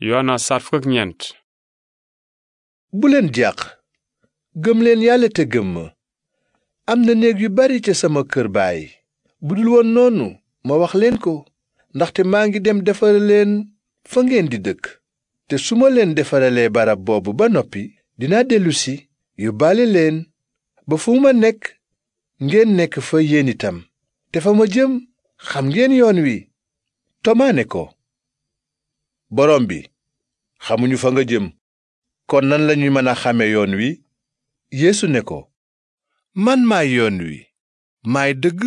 yoona saar ñeent bu leen jàq gëm leen yàlla te gëm ma am na néeg yu bari ca sama kër baay bu dul woon noonu ma wax leen ko ndaxte maa ngi dem defara leen fa ngeen di dëkk te su ma leen defaralee barab boobu ba noppi dinaa dellusi yóbbaale leen ba fu ma nekk ngeen nekk fa yéen itam te fa ma jëm xam ngeen yoon wi tomaane ko borom bi xamuñu fa nga jëm kon nan lañuy mën a xame yoon wi yéesu ne ko man maay yoon wi maay dëgg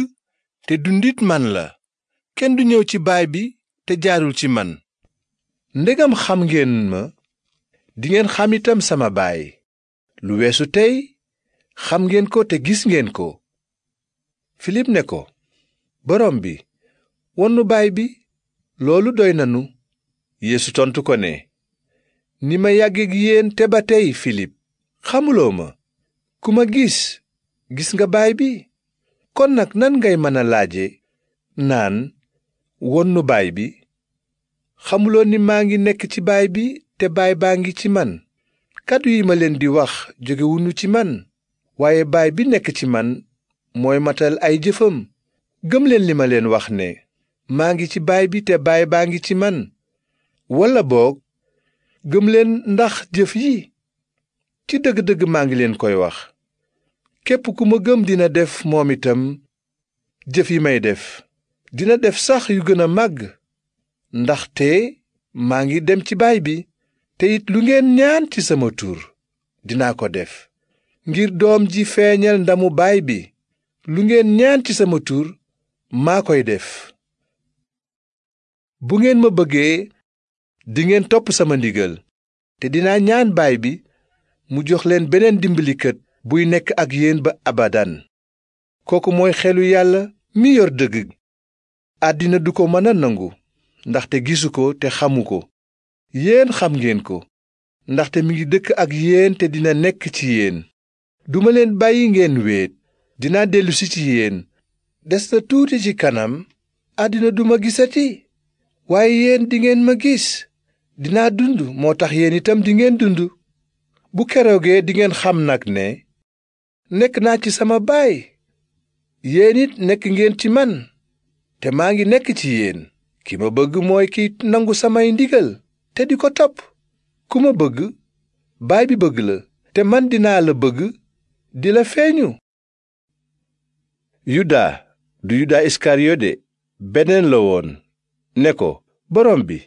te dund it man la kenn du ñëw ci baay bi te jaarul ci man ndegam xam ngeen ma dingeen xam itam sama baay lu weesu tey xam ngeen ko te gis ngeen ko filip ne ko borom bi wonnu baay bi loolu doy nanu yéesu tontu ko ne ni ma yàggeeg yéen te ba tey filip xamuloo ma ku ma gis gis nga baay bi kon nag nan ngay mën a laaje naan won nu baay bi xamuloo ni maa ngi nekk ci baay bi te baay baa ngi ci man kàddu yi ma leen di wax jógewuñu ci man waaye baay bi nekk ci man mooy matal ay jëfam gëmleen li ma leen wax ne maa ngi ci baay bi te baay baa ngi ci man walla boog gëmleen ndax jëf yi ci dëgg-dëgg maa ngi leen koy wax képp ku ma gëm dina def moom itam jëf yi may def dina def sax yu gën a màgg ndaxte maa ngi dem ci baay bi te it lu ngeen ñaan ci sama tur dinaa ko def ngir doom ji feeñal ndamu baay bi lu ngeen ñaan ci sama tur maa koy def bu ngeen ma bëggee dingeen topp sama ndigal te dinaa ñaan baay bi mu jox leen beneen dimbalikat buy nekk ak yéen ba abadan kooku mooy xelu yàlla mi yor dëgg àddina du ko mën a nangu ndaxte gisu ko te xamu ko yéen xam ngeen ko ndaxte mi ngi dëkk ak yéen te dina nekk ci yéen duma leen bàyyi ngeen wéet dinaa dellusi ci yéen des sa tuuti ci kanam àddina duma gisati waaye yéen dingeen ma gis dinaa dund moo tax yéen itam di ngeen dund bu keroogee dingeen xam nag ne nekk naa ci sama baay yéen it nekk ngeen ci man te maa ngi nekk ci yéen ki ma bëgg mooy kiy nangu samay ndigal te di ko topp ku ma bëgg baay bi bëgg la te man dinaa la bëgg di la feeñu yuda du yuda iskariyode beneen la woon ne ko borom bi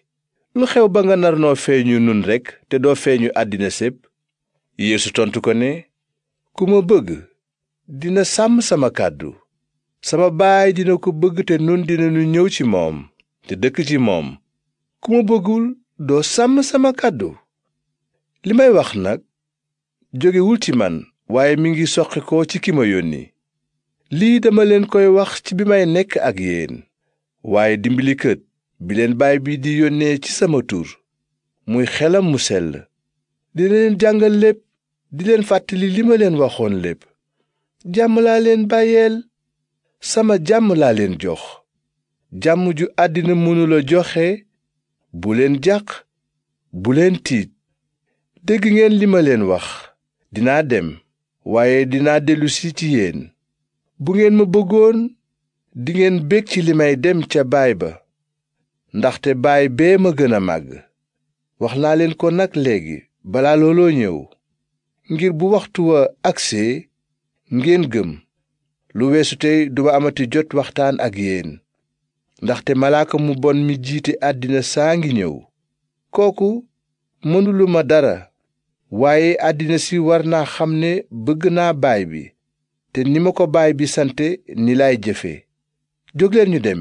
lu xew ba nga nar noo feeñu nun rekk te doo feeñu àddina sépp yéesu tontu ko ne ku ma bëgg dina sàmm sama kàddu sama baay dina ko bëgg te nun dinañu ñëw ci moom te dëkk ci moom ku ma bëggul doo sàmm sama kàddu li may wax nag jógewul ci man waaye mi ngi soqi ko ci ki ma yónni lii dama leen koy wax ci bi may nekk ak yéen waaye dimbalikat bi leen baay bi di yónnee ci sama tur muy xelam mu sell di leen jàngal lépp di leen fàttali li ma leen waxoon lépp jàmm laa leen bàyyeel sama jàmm laa leen jox jàmm ju àddina mënula joxe bu leen jàq bu leen tiit dégg ngeen li ma leen wax dinaa dem waaye dinaa dellusi ci yéen bu ngeen ma bëggoon dingeen bég ci li may dem ca baay ba ndaxte baay bee ma gën a màgg wax naa leen ko nag léegi balaa looloo ñëw ngir bu waxtu wa agsee ngeen gëm lu weesu tey duma amati jot waxtaan ak yéen ndaxte malaaka mu bon mi jiite àddina saa ngi ñëw kooku mënuluma dara waaye àddina si war naa xam ne bëgg naa baay bi te ni ma ko baay bi sante ni laay jëfe jógleen ñu dem